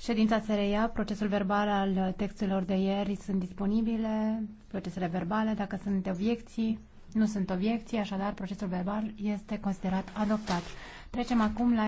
Ședința se reia, procesul verbal al textelor de ieri sunt disponibile, procesele verbale, dacă sunt obiecții, nu sunt obiecții, așadar procesul verbal este considerat adoptat. Trecem acum la